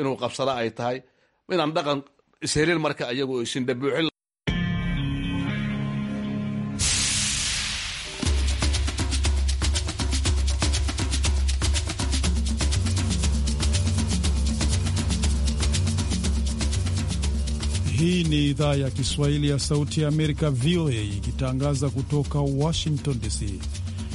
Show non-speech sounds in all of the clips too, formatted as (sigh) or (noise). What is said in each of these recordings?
inuu qabsada ay tahay inaan dhaqan ishelin marka ayagu isindhabuuxin Hii ni idhaa ya Kiswahili ya Sauti ya Amerika, VOA, ikitangaza kutoka Washington DC.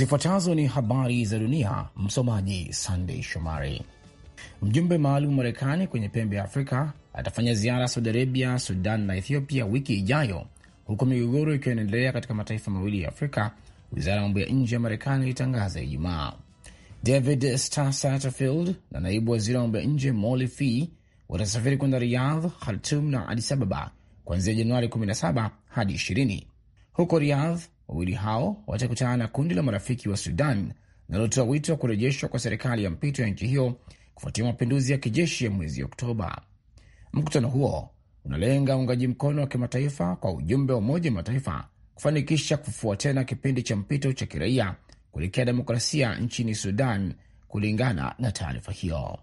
Zifuatazo ni habari za dunia, msomaji Sandey Shomari. Mjumbe maalum wa Marekani kwenye pembe ya Afrika atafanya ziara Saudi Arabia, Sudan na Ethiopia wiki ijayo, huku migogoro ikiwa inaendelea katika mataifa mawili ya Afrika. Wizara ya mambo ya nje ya Marekani ilitangaza Ijumaa. David Satterfield na naibu waziri wa mambo ya nje Molly Fee watasafiri kwenda Riyadh, Khartum na Adis Ababa kuanzia Januari 17 hadi 20. Huko Riyadh, Wawili hao watakutana na kundi la marafiki wa Sudan linalotoa wito wa kurejeshwa kwa serikali ya mpito ya nchi hiyo kufuatia mapinduzi ya kijeshi ya mwezi Oktoba. Mkutano huo unalenga uungaji mkono wa kimataifa kwa ujumbe wa Umoja wa Mataifa kufanikisha kufua tena kipindi cha mpito cha kiraia kuelekea demokrasia nchini Sudan. Kulingana na taarifa hiyo,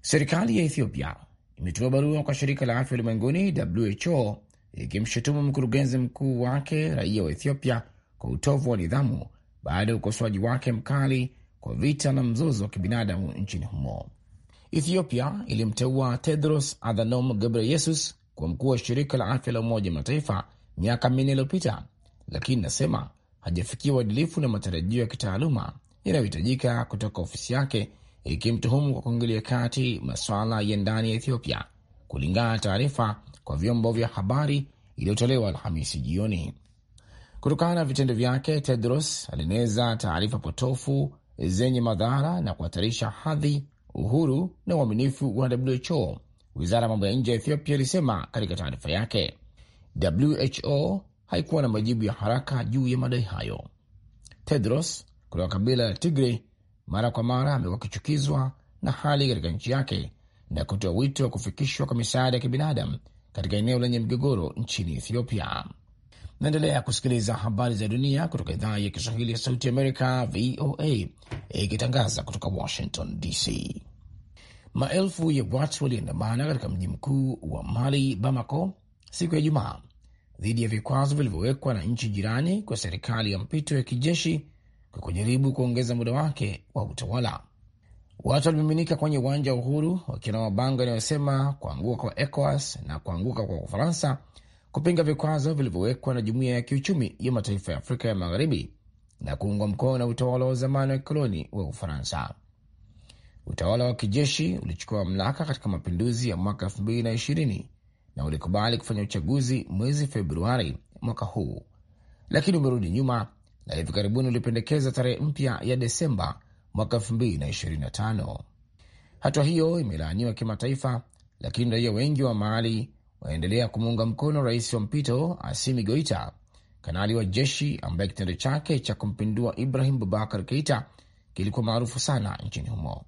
serikali ya Ethiopia imetuma barua kwa shirika la afya ulimwenguni WHO ikimshutumu mkurugenzi mkuu wake raia wa Ethiopia kwa utovu wa nidhamu baada ya ukosoaji wake mkali kwa vita na mzozo wa kibinadamu nchini humo. Ethiopia ilimteua Tedros Adhanom Ghebreyesus kuwa mkuu wa shirika la afya la Umoja Mataifa miaka minne iliyopita, lakini nasema hajafikia uadilifu na matarajio ya kitaaluma yanayohitajika kutoka ofisi yake, ikimtuhumu kwa kuingilia kati masuala ya ndani ya Ethiopia, kulingana na taarifa kwa vyombo vya habari iliyotolewa Alhamisi jioni. Kutokana na vitendo vyake, Tedros alieneza taarifa potofu zenye madhara na kuhatarisha hadhi, uhuru na uaminifu wa WHO, wizara ya mambo ya nje ya Ethiopia ilisema katika taarifa yake. WHO haikuwa na majibu ya haraka juu ya madai hayo. Tedros kutoka kabila la Tigre mara kwa mara amekuwa akichukizwa na hali katika nchi yake na kutoa wito wa kufikishwa kwa misaada ya kibinadamu katika eneo lenye mgogoro nchini Ethiopia. Naendelea kusikiliza habari za dunia kutoka idhaa ya Kiswahili ya Sauti Amerika, VOA, ikitangaza kutoka Washington DC. Maelfu ya watu waliandamana katika mji mkuu wa Mali, Bamako, siku ya Ijumaa dhidi ya vikwazo vilivyowekwa na nchi jirani kwa serikali ya mpito ya kijeshi kwa kujaribu kuongeza muda wake wa utawala. Watu walimiminika kwenye uwanja wa Uhuru wakiwa na mabango yanayosema kuanguka kwa ECOWAS na kuanguka kwa Ufaransa kupinga vikwazo vilivyowekwa na Jumuiya ya Kiuchumi ya Mataifa ya Afrika ya Magharibi na kuungwa mkono na utawala wa zamani wa kikoloni wa Ufaransa. Utawala wa kijeshi ulichukua mamlaka katika mapinduzi ya mwaka 2020 na ulikubali kufanya uchaguzi mwezi Februari mwaka huu, lakini umerudi nyuma na hivi karibuni ulipendekeza tarehe mpya ya Desemba mwaka 2025. Hatua hiyo imelaaniwa kimataifa, lakini raia wengi wa Mali wanaendelea kumuunga mkono rais wa mpito Asimi Goita, kanali wa jeshi ambaye kitendo chake cha kumpindua Ibrahim Bubakar Keita kilikuwa maarufu sana nchini humo.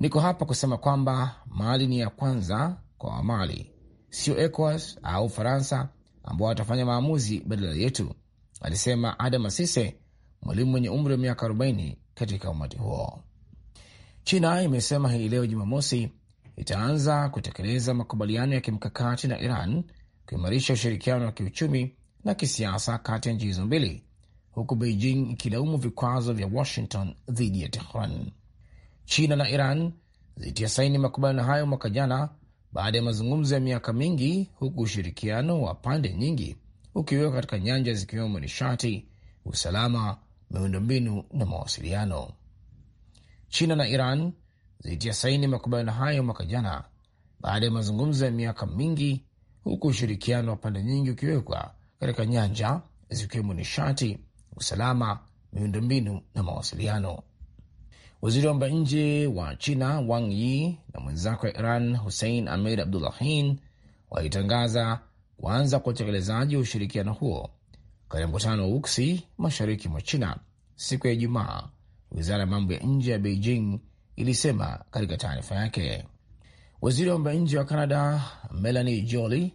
Niko hapa kusema kwamba Mali ni ya kwanza kwa Wamali, sio ECOWAS au Faransa ambao watafanya maamuzi badala yetu, alisema Adam Asise, mwalimu mwenye umri wa miaka 40 katika umati huo. China imesema hii leo Jumamosi itaanza kutekeleza makubaliano ya kimkakati na Iran kuimarisha ushirikiano wa kiuchumi na kisiasa kati ya nchi hizo mbili, huku Beijing ikilaumu vikwazo vya Washington dhidi ya Tehran. China na Iran zilitia saini makubaliano hayo mwaka jana baada ya mazungumzo ya miaka mingi, huku ushirikiano wa pande nyingi ukiwekwa katika nyanja zikiwemo nishati, usalama, miundombinu na mawasiliano. China na Iran zilitia saini makubaliano hayo mwaka jana baada ya mazungumzo ya miaka mingi, huku ushirikiano wa pande nyingi ukiwekwa katika nyanja zikiwemo nishati, usalama, miundombinu na mawasiliano. Waziri wa mambo ya nje wa China Wang Yi na mwenzako wa Iran Hussein Amir Abdullahian walitangaza kuanza kwa utekelezaji wa ushirikiano huo katika mkutano wa Wuxi mashariki mwa China siku ya Ijumaa, wizara ya mambo ya nje ya Beijing ilisema katika taarifa yake. Waziri wa mambo ya nje wa Canada Melanie Joly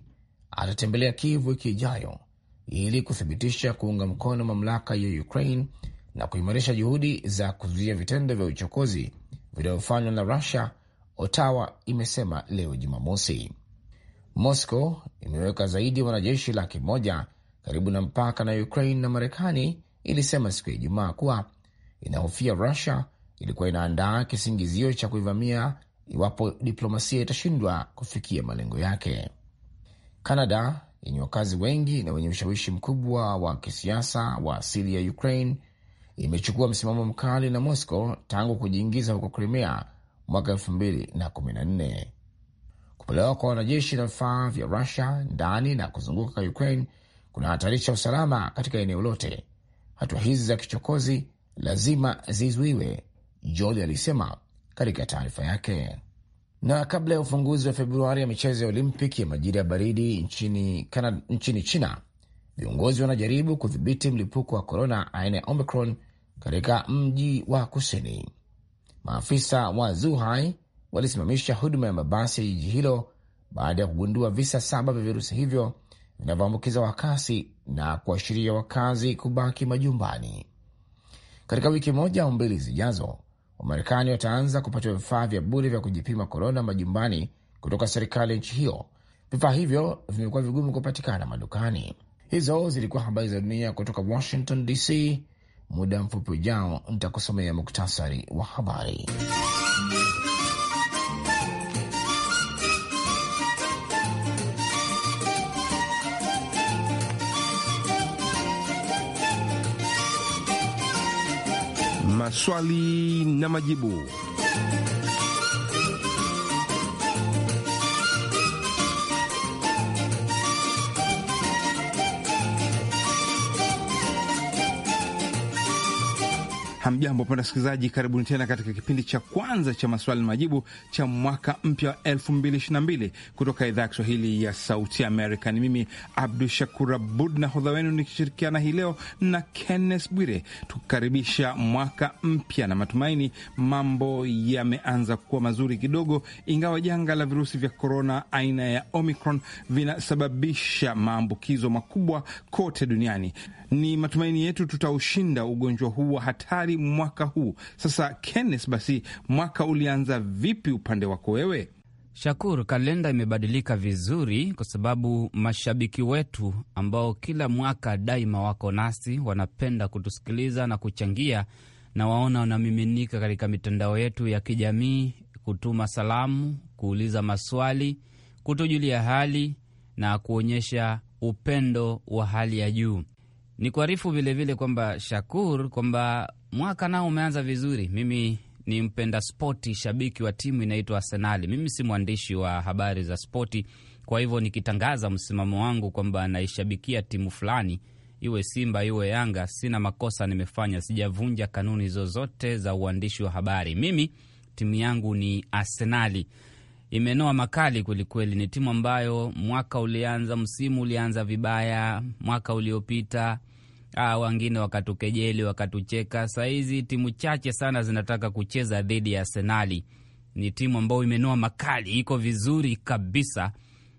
atatembelea Kiev wiki ijayo ili kuthibitisha kuunga mkono mamlaka ya Ukraine na kuimarisha juhudi za kuzuia vitendo vya uchokozi vinavyofanywa na Rusia, Ottawa imesema leo Jumamosi. Moscow imeweka zaidi ya wanajeshi laki moja karibu na mpaka na Ukraine na Marekani ilisema siku ya Ijumaa kuwa inahofia Rusia ilikuwa inaandaa kisingizio cha kuivamia iwapo diplomasia itashindwa kufikia malengo yake. Kanada yenye wakazi wengi na wenye ushawishi mkubwa wa kisiasa wa asili ya Ukraine imechukua msimamo mkali na Moscow tangu kujiingiza huko Crimea mwaka nne. Kupelewa kwa wanajeshi na vifaa vya Rusia ndani na kuzunguka kwa Ukraine kunahatarisha usalama katika eneo lote. Hatua hizi za kichokozi lazima zizuiwe George alisema katika taarifa yake. Na kabla ya ufunguzi wa Februari ya michezo ya Olimpiki ya majira ya baridi nchini, Canada, nchini China, viongozi wanajaribu kudhibiti mlipuko wa korona aina ya Omicron katika mji wa kusini. Maafisa wa Zuhai walisimamisha huduma ya mabasi ya jiji hilo baada ya kugundua visa saba vya virusi hivyo vinavyoambukiza kwa kasi na kuashiria wakazi kubaki majumbani. Katika wiki moja au mbili zijazo, Wamarekani wataanza kupatiwa vifaa vya bure vya kujipima korona majumbani kutoka serikali ya nchi hiyo. Vifaa hivyo vimekuwa vigumu kupatikana madukani. Hizo zilikuwa habari za dunia kutoka Washington DC. Muda mfupi ujao nitakusomea muktasari wa habari. Swali na Majibu. Hamjambo wapenda wasikilizaji, karibuni tena katika kipindi cha kwanza cha maswali na majibu cha mwaka mpya wa 2022 kutoka idhaa ya Kiswahili ya Sauti ya Amerika. Ni mimi Abdu Shakur Abud na hodha wenu nikishirikiana hii leo na Kenneth Bwire, tukukaribisha mwaka mpya na matumaini mambo yameanza kuwa mazuri kidogo, ingawa janga la virusi vya korona aina ya Omicron vinasababisha maambukizo makubwa kote duniani. Ni matumaini yetu tutaushinda ugonjwa huu wa hatari mwaka huu. Sasa Kenneth, basi mwaka ulianza vipi upande wako wewe? Shakur, kalenda imebadilika vizuri kwa sababu mashabiki wetu ambao kila mwaka daima wako nasi, wanapenda kutusikiliza na kuchangia, na waona wanamiminika katika mitandao yetu ya kijamii kutuma salamu, kuuliza maswali, kutujulia hali na kuonyesha upendo wa hali ya juu. Ni kuarifu vilevile kwamba Shakur, kwamba Mwaka nao umeanza vizuri. Mimi ni mpenda spoti, shabiki wa timu inaitwa Arsenali. Mimi si mwandishi wa habari za spoti, kwa hivyo nikitangaza msimamo wangu kwamba naishabikia timu fulani, iwe Simba iwe Yanga, sina makosa nimefanya, sijavunja kanuni zozote za uandishi wa habari. Mimi timu yangu ni Arsenali. Imenoa makali kwelikweli. Ni timu ambayo mwaka ulianza, msimu ulianza vibaya mwaka uliopita ah, wengine wakatukejeli, wakatucheka. Sahizi timu chache sana zinataka kucheza dhidi ya Arsenali. Ni timu ambayo imenoa makali, iko vizuri kabisa,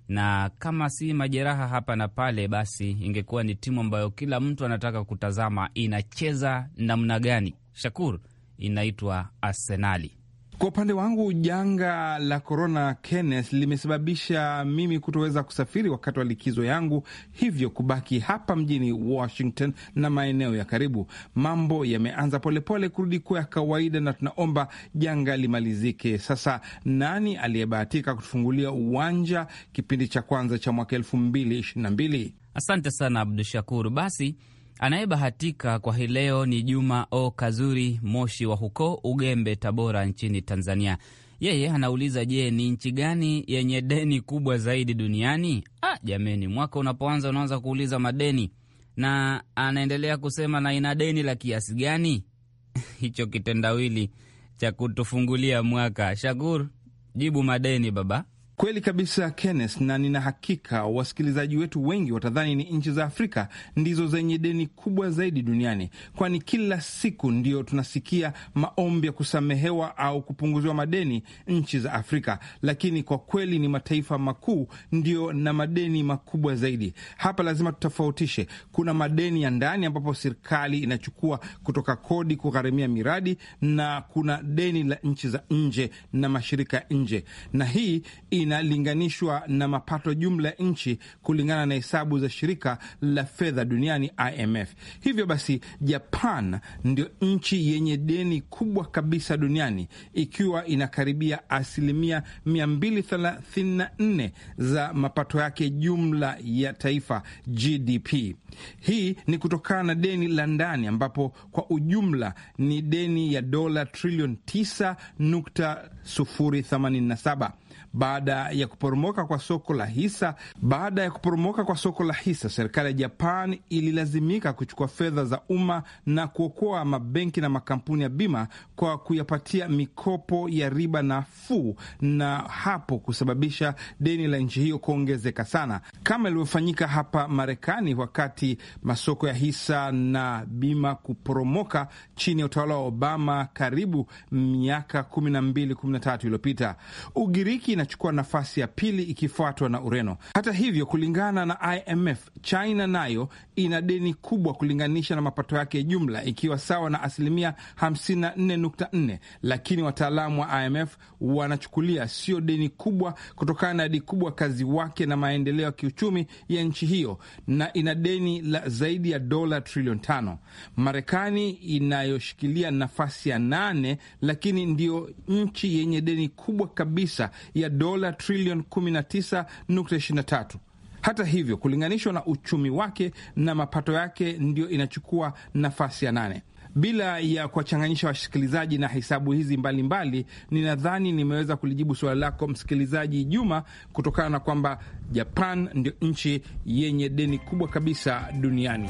na kama si majeraha hapa na pale, basi ingekuwa ni timu ambayo kila mtu anataka kutazama inacheza namna gani. Shakur, inaitwa Arsenali. Kwa upande wangu janga la korona, Kenneth, limesababisha mimi kutoweza kusafiri wakati wa likizo yangu, hivyo kubaki hapa mjini Washington na maeneo ya karibu. Mambo yameanza polepole kurudi kuwa ya kawaida, na tunaomba janga limalizike. Sasa nani aliyebahatika kutufungulia uwanja kipindi cha kwanza cha mwaka elfu mbili ishirini na mbili? Asante sana Abdu Shakur. Basi Anayebahatika kwa hii leo ni Juma O Kazuri Moshi wa huko Ugembe, Tabora, nchini Tanzania. Yeye anauliza, je, ni nchi gani yenye deni kubwa zaidi duniani? Ah, jameni, mwaka unapoanza unaanza kuuliza madeni. Na anaendelea kusema, na ina deni la kiasi gani? (laughs) Hicho kitendawili cha kutufungulia mwaka. Shakur, jibu madeni baba. Kweli kabisa Kenneth, na nina hakika wasikilizaji wetu wengi watadhani ni nchi za Afrika ndizo zenye deni kubwa zaidi duniani, kwani kila siku ndio tunasikia maombi ya kusamehewa au kupunguziwa madeni nchi za Afrika, lakini kwa kweli ni mataifa makuu ndio na madeni makubwa zaidi. Hapa lazima tutofautishe, kuna madeni ya ndani ambapo serikali inachukua kutoka kodi kugharimia miradi, na kuna deni la nchi za nje na mashirika ya nje, na hii inalinganishwa na mapato jumla ya nchi kulingana na hesabu za shirika la fedha duniani IMF. Hivyo basi, Japan ndio nchi yenye deni kubwa kabisa duniani ikiwa inakaribia asilimia 234 za mapato yake jumla ya taifa GDP. Hii ni kutokana na deni la ndani ambapo kwa ujumla ni deni ya dola trilioni 9.087 baada ya kuporomoka kwa soko la hisa. Baada ya kuporomoka kwa soko la hisa, serikali ya Japan ililazimika kuchukua fedha za umma na kuokoa mabenki na makampuni ya bima kwa kuyapatia mikopo ya riba nafuu, na hapo kusababisha deni la nchi hiyo kuongezeka sana, kama ilivyofanyika hapa Marekani wakati masoko ya hisa na bima kuporomoka chini ya utawala wa Obama karibu miaka na tatu iliyopita. Ugiriki na inachukua nafasi ya pili ikifuatwa na Ureno. Hata hivyo, kulingana na IMF, China nayo ina deni kubwa kulinganisha na mapato yake jumla, ikiwa sawa na asilimia 54.4, lakini wataalamu wa IMF wanachukulia sio deni kubwa kutokana na idadi kubwa kazi wake na maendeleo ya kiuchumi ya nchi hiyo, na ina deni la zaidi ya dola trilioni tano. Marekani inayoshikilia nafasi ya nane, lakini ndiyo nchi yenye deni kubwa kabisa ya dola trilioni 19.23. Hata hivyo, kulinganishwa na uchumi wake na mapato yake, ndiyo inachukua nafasi ya nane. Bila ya kuwachanganyisha wasikilizaji na hesabu hizi mbalimbali, ninadhani nimeweza kulijibu suala lako msikilizaji Juma, kutokana na kwamba Japan ndio nchi yenye deni kubwa kabisa duniani.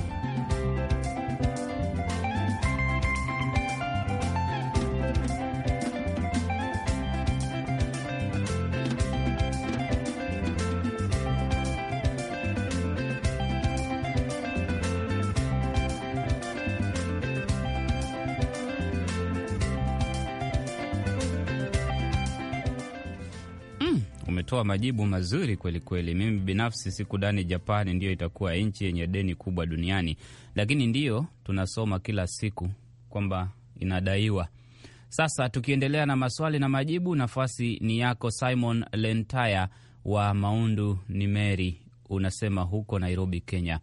ametoa majibu mazuri kweli kweli. Mimi binafsi sikudhani Japani ndio itakuwa nchi yenye deni kubwa duniani, lakini ndio tunasoma kila siku kwamba inadaiwa. Sasa tukiendelea na maswali na majibu, nafasi ni yako Simon Lentaya wa Maundu Nimeri, unasema huko Nairobi, Kenya.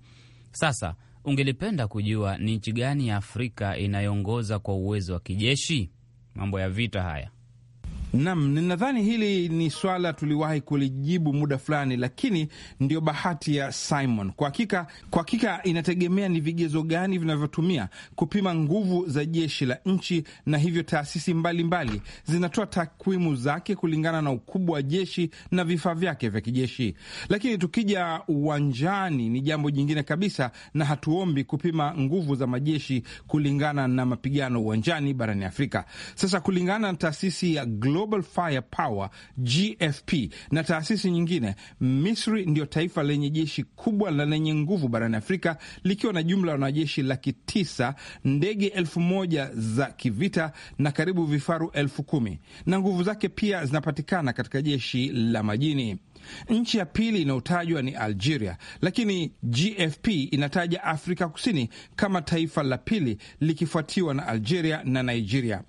Sasa ungelipenda kujua ni nchi gani ya Afrika inayoongoza kwa uwezo wa kijeshi? Mambo ya vita haya. Nam, ninadhani hili ni swala tuliwahi kulijibu muda fulani, lakini ndio bahati ya Simon. Kwa hakika, kwa hakika inategemea ni vigezo gani vinavyotumia kupima nguvu za jeshi la nchi, na hivyo taasisi mbalimbali mbali zinatoa takwimu zake kulingana na ukubwa wa jeshi na vifaa vyake vya kijeshi. Lakini tukija uwanjani ni jambo jingine kabisa, na hatuombi kupima nguvu za majeshi kulingana na mapigano uwanjani barani Afrika. Sasa kulingana na taasisi ya Glo Global Power GFP na taasisi nyingine. Misri ndiyo taifa lenye jeshi kubwa na lenye nguvu barani Afrika likiwa na jumla ya wanajeshi laki tisa, ndege elfu moja za kivita na karibu vifaru elfu kumi na nguvu zake pia zinapatikana katika jeshi la majini. Nchi ya pili inayotajwa ni Algeria, lakini GFP inataja Afrika Kusini kama taifa la pili likifuatiwa na Algeria na Nigeria.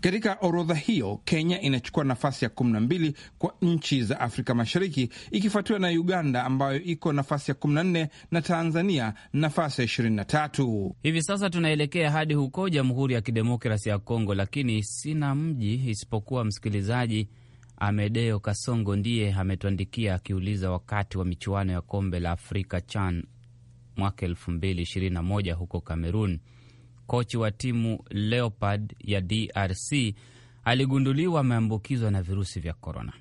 Katika orodha hiyo, Kenya inachukua nafasi ya kumi na mbili kwa nchi za Afrika Mashariki, ikifuatiwa na Uganda ambayo iko nafasi ya kumi na nne na Tanzania nafasi ya ishirini na tatu. Hivi sasa tunaelekea hadi huko Jamhuri ya Kidemokrasi ya Kongo, lakini sina mji isipokuwa msikilizaji Amedeo Kasongo ndiye ametuandikia akiuliza wakati wa michuano ya kombe la Afrika CHAN mwaka moja huko Kamerun kochi wa timu Leopard ya DRC aligunduliwa ameambukizwa na virusi vya korona,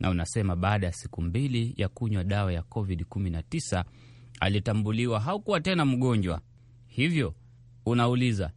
na unasema baada ya siku mbili ya kunywa dawa ya COVID-19 alitambuliwa haukuwa tena mgonjwa. Hivyo unauliza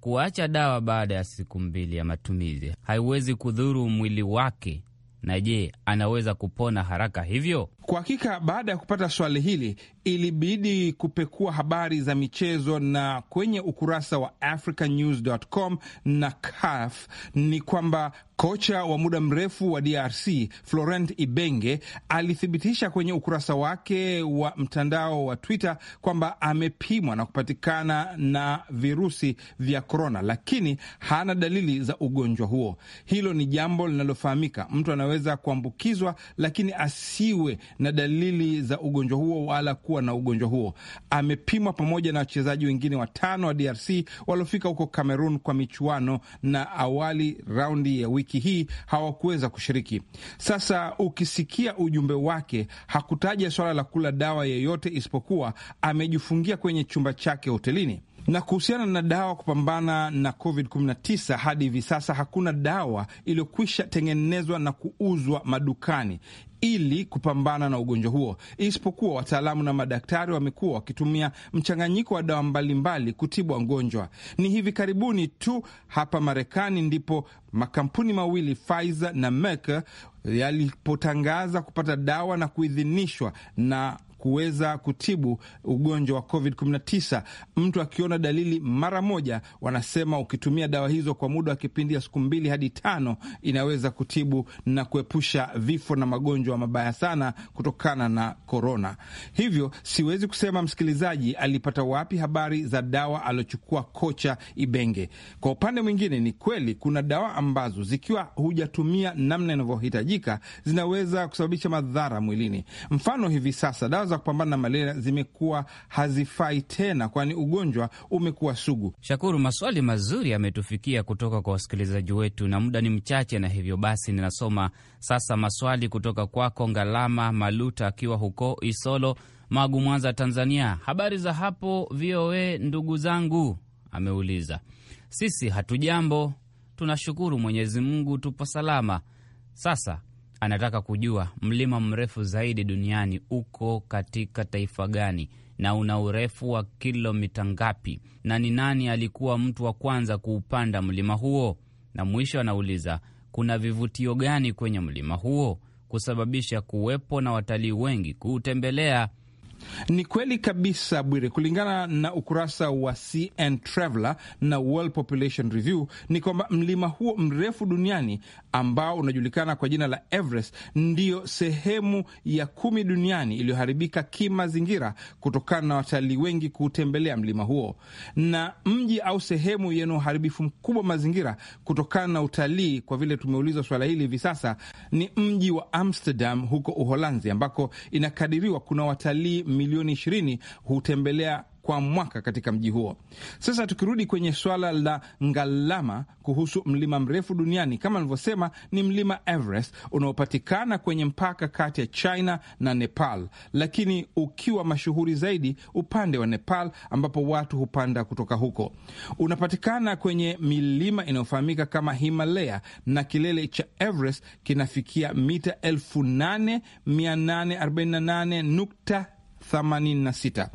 kuacha dawa baada ya siku mbili ya matumizi haiwezi kudhuru mwili wake, na je, anaweza kupona haraka hivyo? Kwa hakika baada ya kupata swali hili ilibidi kupekua habari za michezo, na kwenye ukurasa wa africanews.com na CAF ni kwamba kocha wa muda mrefu wa DRC Florent Ibenge alithibitisha kwenye ukurasa wake wa mtandao wa Twitter kwamba amepimwa na kupatikana na virusi vya korona, lakini hana dalili za ugonjwa huo. Hilo ni jambo linalofahamika, mtu anaweza kuambukizwa lakini asiwe na dalili za ugonjwa huo wala kuwa na ugonjwa huo. Amepimwa pamoja na wachezaji wengine watano wa DRC waliofika huko Cameroon kwa michuano, na awali raundi ya wiki hii hawakuweza kushiriki. Sasa ukisikia ujumbe wake, hakutaja swala la kula dawa yeyote isipokuwa amejifungia kwenye chumba chake hotelini. Na kuhusiana na dawa kupambana na COVID-19, hadi hivi sasa hakuna dawa iliyokwisha tengenezwa na kuuzwa madukani ili kupambana na ugonjwa huo, isipokuwa wataalamu na madaktari wamekuwa wakitumia mchanganyiko wa dawa mbalimbali kutibu wagonjwa. Ni hivi karibuni tu hapa Marekani ndipo makampuni mawili Pfizer na Merck yalipotangaza kupata dawa na kuidhinishwa na kuweza kutibu ugonjwa wa COVID-19. Mtu akiona dalili mara moja, wanasema ukitumia dawa hizo kwa muda wa kipindi ya siku mbili hadi tano inaweza kutibu na kuepusha vifo na magonjwa mabaya sana kutokana na korona. Hivyo siwezi kusema msikilizaji alipata wapi habari za dawa aliochukua kocha Ibenge. Kwa upande mwingine, ni kweli kuna dawa ambazo zikiwa hujatumia namna inavyohitajika zinaweza kusababisha madhara mwilini. Mfano hivi sasa dawa za kupambana na malaria zimekuwa hazifai tena, kwani ugonjwa umekuwa sugu. Shakuru, maswali mazuri yametufikia kutoka kwa wasikilizaji wetu, na muda ni mchache, na hivyo basi ninasoma sasa maswali kutoka kwako Ngalama Maluta akiwa huko Isolo, Magu, Mwanza, Tanzania. Habari za hapo VOA ndugu zangu, ameuliza. Sisi hatujambo, tunashukuru Mwenyezi Mungu, tupo salama. Sasa anataka kujua mlima mrefu zaidi duniani uko katika taifa gani na una urefu wa kilomita ngapi, na ni nani alikuwa mtu wa kwanza kuupanda mlima huo, na mwisho anauliza kuna vivutio gani kwenye mlima huo kusababisha kuwepo na watalii wengi kuutembelea ni kweli kabisa Bwire, kulingana na ukurasa wa CN Traveler na World Population Review ni kwamba mlima huo mrefu duniani ambao unajulikana kwa jina la Everest ndiyo sehemu ya kumi duniani iliyoharibika kimazingira kutokana na watalii wengi kutembelea mlima huo, na mji au sehemu yenye uharibifu mkubwa mazingira kutokana na utalii, kwa vile tumeulizwa swala hili hivi sasa, ni mji wa Amsterdam huko Uholanzi, ambako inakadiriwa kuna watalii milioni ishirini hutembelea kwa mwaka katika mji huo. Sasa tukirudi kwenye swala la Ngalama kuhusu mlima mrefu duniani, kama nilivyosema, ni mlima Everest unaopatikana kwenye mpaka kati ya China na Nepal, lakini ukiwa mashuhuri zaidi upande wa Nepal, ambapo watu hupanda kutoka huko. Unapatikana kwenye milima inayofahamika kama Himalaya na kilele cha Everest kinafikia mita 8848 86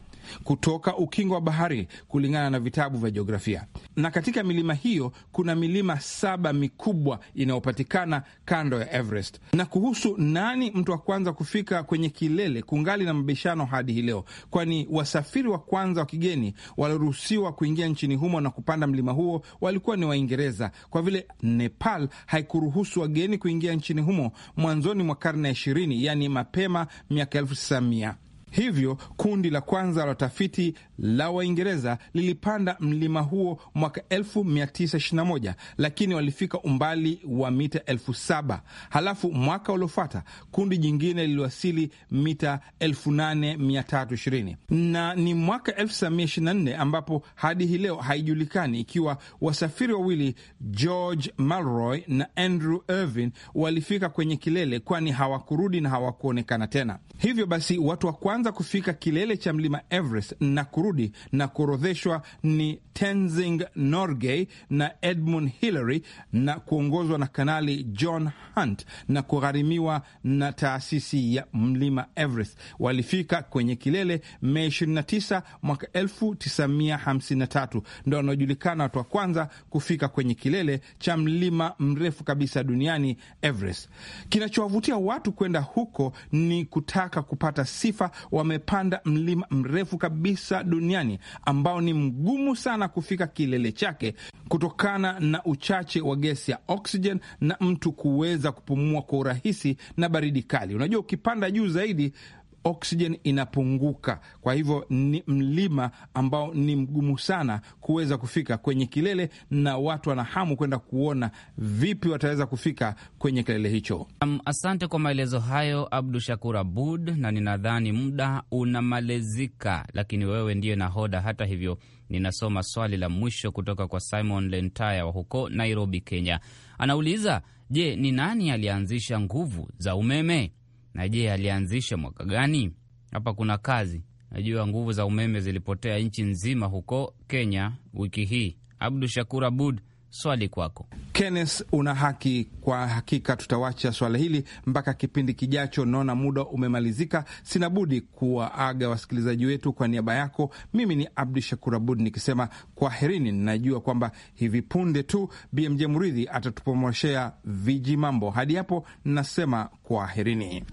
kutoka ukingo wa bahari kulingana na vitabu vya jiografia. Na katika milima hiyo kuna milima saba mikubwa inayopatikana kando ya Everest. Na kuhusu nani mtu wa kwanza kufika kwenye kilele, kungali na mabishano hadi hii leo, kwani wasafiri wa kwanza wa kigeni walioruhusiwa kuingia nchini humo na kupanda mlima huo walikuwa ni Waingereza, kwa vile Nepal haikuruhusu wageni kuingia nchini humo mwanzoni mwa karne ya ishirini, yaani mapema miaka elfu tisa mia Hivyo kundi la kwanza la watafiti la Waingereza lilipanda mlima huo mwaka 1921 lakini walifika umbali wa mita 7 Halafu mwaka uliofuata kundi jingine liliwasili mita 8320 na ni mwaka 1924 ambapo hadi hii leo haijulikani ikiwa wasafiri wawili George Malroy na Andrew Irvin walifika kwenye kilele, kwani hawakurudi na hawakuonekana tena. Hivyo basi watu wa kwanza kwanza kufika kilele cha mlima Everest na kurudi na kuorodheshwa ni Tenzing Norgay na Edmund Hillary na kuongozwa na Kanali John Hunt na kugharimiwa na taasisi ya mlima Everest. Walifika kwenye kilele Mei 29 mwaka 1953, ndo wanaojulikana watu wa kwanza kufika kwenye kilele cha mlima mrefu kabisa duniani Everest. Kinachowavutia watu kwenda huko ni kutaka kupata sifa wamepanda mlima mrefu kabisa duniani ambao ni mgumu sana kufika kilele chake kutokana na uchache wa gesi ya oksijen na mtu kuweza kupumua kwa urahisi na baridi kali. Unajua, ukipanda juu zaidi oksijeni inapunguka. Kwa hivyo ni mlima ambao ni mgumu sana kuweza kufika kwenye kilele, na watu wana hamu kwenda kuona vipi wataweza kufika kwenye kilele hicho. Um, asante kwa maelezo hayo Abdu Shakur Abud, na ninadhani muda unamalizika, lakini wewe ndiyo nahoda. Hata hivyo ninasoma swali la mwisho kutoka kwa Simon Lentaya wa huko Nairobi, Kenya. Anauliza, je, ni nani alianzisha nguvu za umeme? Na je, alianzisha mwaka gani? Hapa kuna kazi. Najua nguvu za umeme zilipotea nchi nzima huko Kenya wiki hii. Abdu Shakur Abud swali kwako Kenneth. Una haki kwa hakika, tutawacha swala hili mpaka kipindi kijacho. Naona muda umemalizika, sina budi kuwaaga wasikilizaji wetu. Kwa niaba yako, mimi ni Abdu Shakur Abud nikisema kwaherini. ninajua kwamba hivi punde tu BMJ Muridhi atatupomoshea viji mambo. Hadi hapo nasema kwaherini.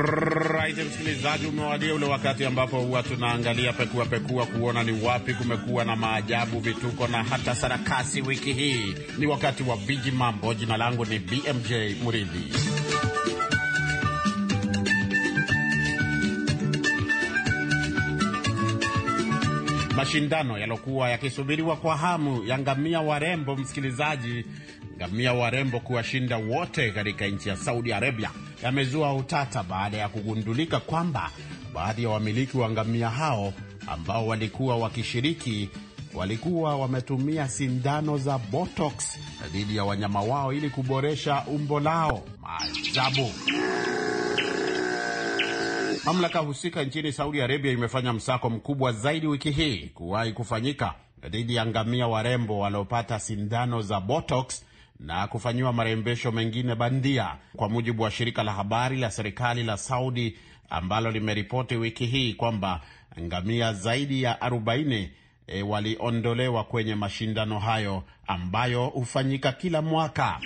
Right, msikilizaji, umewadia ule wakati ambapo huwa tunaangalia pekua pekua kuona ni wapi kumekuwa na maajabu, vituko na hata sarakasi. Wiki hii ni wakati wa viji mambo. Jina langu ni BMJ Muridhi. Mashindano yalokuwa yakisubiriwa kwa hamu ya ngamia warembo, msikilizaji, ngamia warembo kuwashinda wote katika nchi ya Saudi Arabia yamezua utata baada ya kugundulika kwamba baadhi ya wamiliki wa ngamia hao ambao walikuwa wakishiriki walikuwa wametumia sindano za botox dhidi ya wanyama wao ili kuboresha umbo lao. Maajabu! Mamlaka husika nchini Saudi Arabia imefanya msako mkubwa zaidi wiki hii kuwahi kufanyika dhidi ya ngamia warembo waliopata sindano za botox na kufanyiwa marembesho mengine bandia, kwa mujibu wa shirika la habari la serikali la Saudi ambalo limeripoti wiki hii kwamba ngamia zaidi ya 40 e, waliondolewa kwenye mashindano hayo ambayo hufanyika kila mwaka.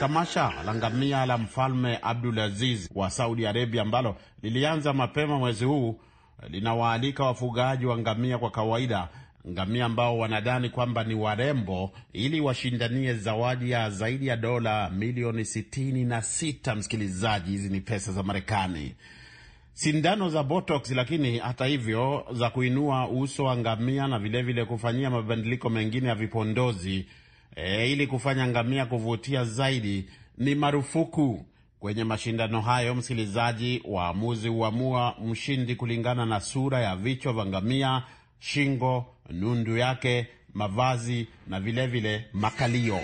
Tamasha la ngamia la mfalme Abdulaziz wa Saudi Arabia ambalo lilianza mapema mwezi huu linawaalika wafugaji wa ngamia kwa kawaida ngamia ambao wanadhani kwamba ni warembo ili washindanie zawadi ya zaidi ya dola milioni sitini na sita. Msikilizaji, hizi ni pesa za Marekani. Sindano za botox lakini hata hivyo za kuinua uso wa ngamia na vilevile vile kufanyia mabadiliko mengine ya vipondozi e, ili kufanya ngamia kuvutia zaidi ni marufuku kwenye mashindano hayo. Msikilizaji, waamuzi huamua mshindi kulingana na sura ya vichwa vya ngamia, shingo nundu yake, mavazi na vilevile vile makalio.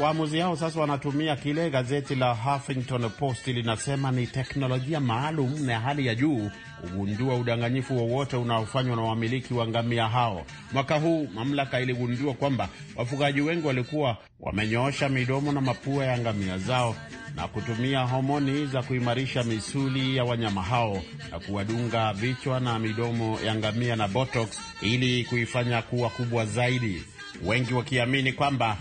Waamuzi hao sasa wanatumia kile gazeti la Huffington Post linasema ni teknolojia maalum na hali ya juu kugundua udanganyifu wowote unaofanywa na wamiliki wa ngamia hao. Mwaka huu mamlaka iligundua kwamba wafugaji wengi walikuwa wamenyoosha midomo na mapua ya ngamia zao na kutumia homoni za kuimarisha misuli ya wanyama hao na kuwadunga vichwa na midomo ya ngamia na botox ili kuifanya kuwa kubwa zaidi, wengi wakiamini kwamba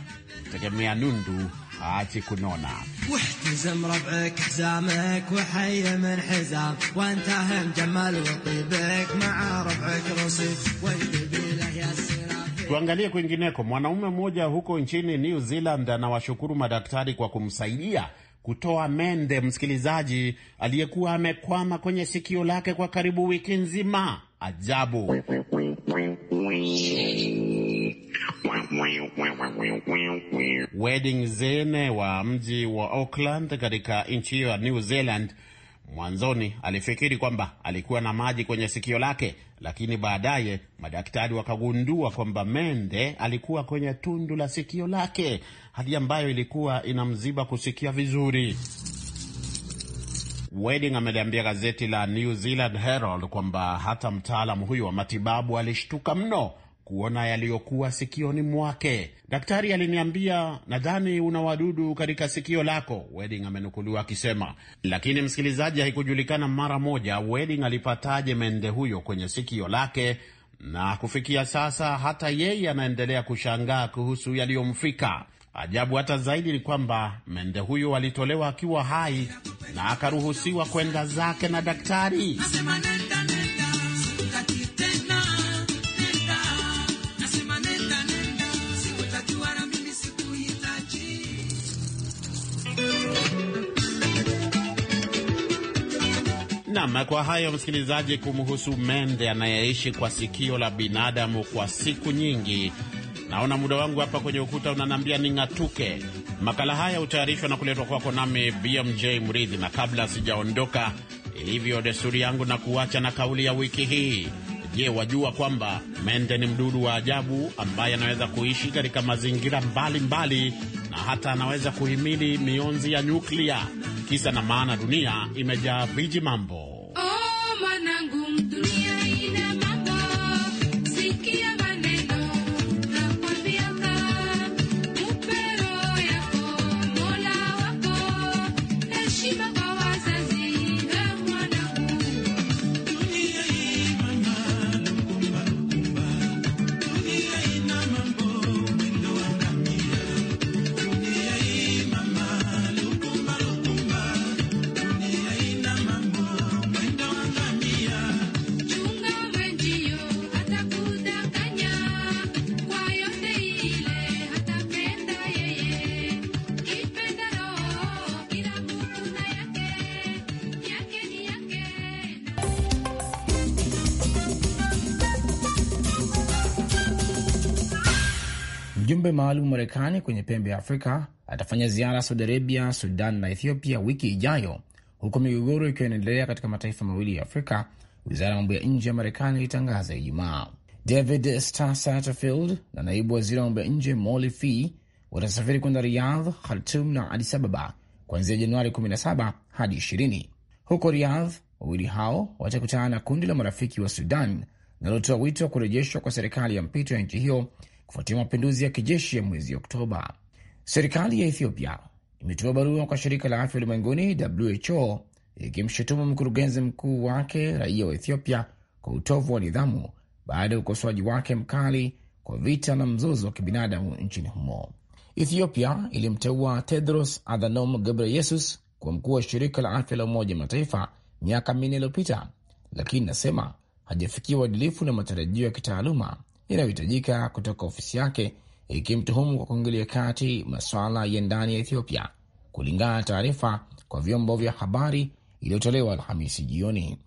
tegemea nundu aache kunona. واحتزم ربعك حزامك وحي من حزام وانت هم جمال وطيبك مع ربعك Tuangalie kwingineko. Mwanaume mmoja huko nchini New Zealand anawashukuru madaktari kwa kumsaidia kutoa mende msikilizaji aliyekuwa amekwama kwenye sikio lake kwa karibu wiki nzima. Ajabu. Wedding Zene wa mji wa Auckland katika nchi hiyo ya New Zealand mwanzoni alifikiri kwamba alikuwa na maji kwenye sikio lake, lakini baadaye madaktari wakagundua kwamba mende alikuwa kwenye tundu la sikio lake, hali ambayo ilikuwa inamziba kusikia vizuri. Wedding ameliambia gazeti la New Zealand Herald kwamba hata mtaalamu huyo wa matibabu alishtuka mno kuona yaliyokuwa sikioni mwake. Daktari aliniambia, nadhani una wadudu katika sikio lako, Wedding amenukuliwa akisema. Lakini msikilizaji, haikujulikana mara moja Wedding alipataje mende huyo kwenye sikio lake, na kufikia sasa hata yeye anaendelea kushangaa kuhusu yaliyomfika. Ajabu hata zaidi ni kwamba mende huyo alitolewa akiwa hai na akaruhusiwa kwenda zake na daktari. Nam, kwa hayo msikilizaji, kumhusu mende anayeishi kwa sikio la binadamu kwa siku nyingi. Naona muda wangu hapa kwenye ukuta unaniambia ning'atuke. Makala haya hutayarishwa na kuletwa kwako nami BMJ Mridhi, na kabla sijaondoka, ilivyo desturi yangu, na kuacha na kauli ya wiki hii. Je, wajua kwamba mende ni mdudu wa ajabu ambaye anaweza kuishi katika mazingira mbalimbali mbali, na hata anaweza kuhimili mionzi ya nyuklia? Kisa na maana, dunia imejaa viji mambo oh, Mjumbe maalum Marekani kwenye pembe ya Afrika atafanya ziara Saudi Arabia, Sudan na Ethiopia wiki ijayo, huku migogoro ikiwa inaendelea katika mataifa mawili ya Afrika. Wizara ya mambo ya nje ya Marekani ilitangaza Ijumaa. David Satterfield na naibu waziri wa mambo ya nje Molly Fee watasafiri kwenda Riyadh, Khartum na Adis Ababa kuanzia Januari 17 hadi 20. Huko Riyadh, wawili hao watakutana na kundi la marafiki wa Sudan linalotoa wito wa kurejeshwa kwa serikali ya mpito ya nchi hiyo kufuatia mapinduzi ya kijeshi ya mwezi Oktoba. Serikali ya Ethiopia imetoa barua kwa shirika la afya ulimwenguni WHO ikimshutumu mkurugenzi mkuu wake raia wa Ethiopia kwa utovu wa nidhamu baada ya ukosoaji wake mkali kwa vita na mzozo wa kibinadamu nchini humo. Ethiopia ilimteua Tedros Adhanom Ghebreyesus kuwa mkuu wa shirika la afya la Umoja Mataifa miaka minne iliyopita, lakini nasema hajafikia uadilifu na matarajio ya kitaaluma inayohitajika kutoka ofisi yake ikimtuhumu kwa kuingilia kati masuala ya ndani ya Ethiopia, kulingana na taarifa kwa vyombo vya habari iliyotolewa Alhamisi jioni.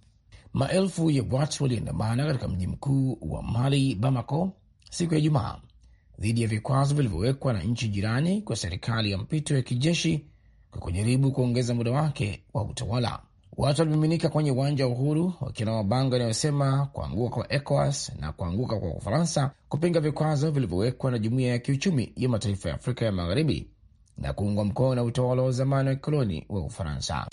Maelfu ya watu waliandamana katika mji mkuu wa Mali, Bamako, siku ya Ijumaa dhidi ya vikwazo vilivyowekwa na nchi jirani kwa serikali ya mpito ya kijeshi kwa kujaribu kuongeza muda wake wa utawala. Watu walimiminika kwenye uwanja wa Uhuru wakiwa na mabango yanayosema kuanguka kwa ECOWAS na kuanguka kwa Ufaransa, kupinga vikwazo vilivyowekwa na Jumuiya ya Kiuchumi ya Mataifa ya Afrika ya Magharibi na kuungwa mkono na utawala wa zamani wa kikoloni wa Ufaransa.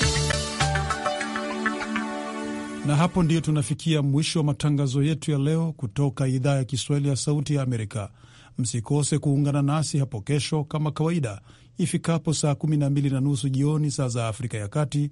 Na hapo ndiyo tunafikia mwisho wa matangazo yetu ya leo kutoka idhaa ya Kiswahili ya Sauti ya Amerika. Msikose kuungana nasi hapo kesho kama kawaida ifikapo saa 12 na nusu jioni saa za Afrika ya Kati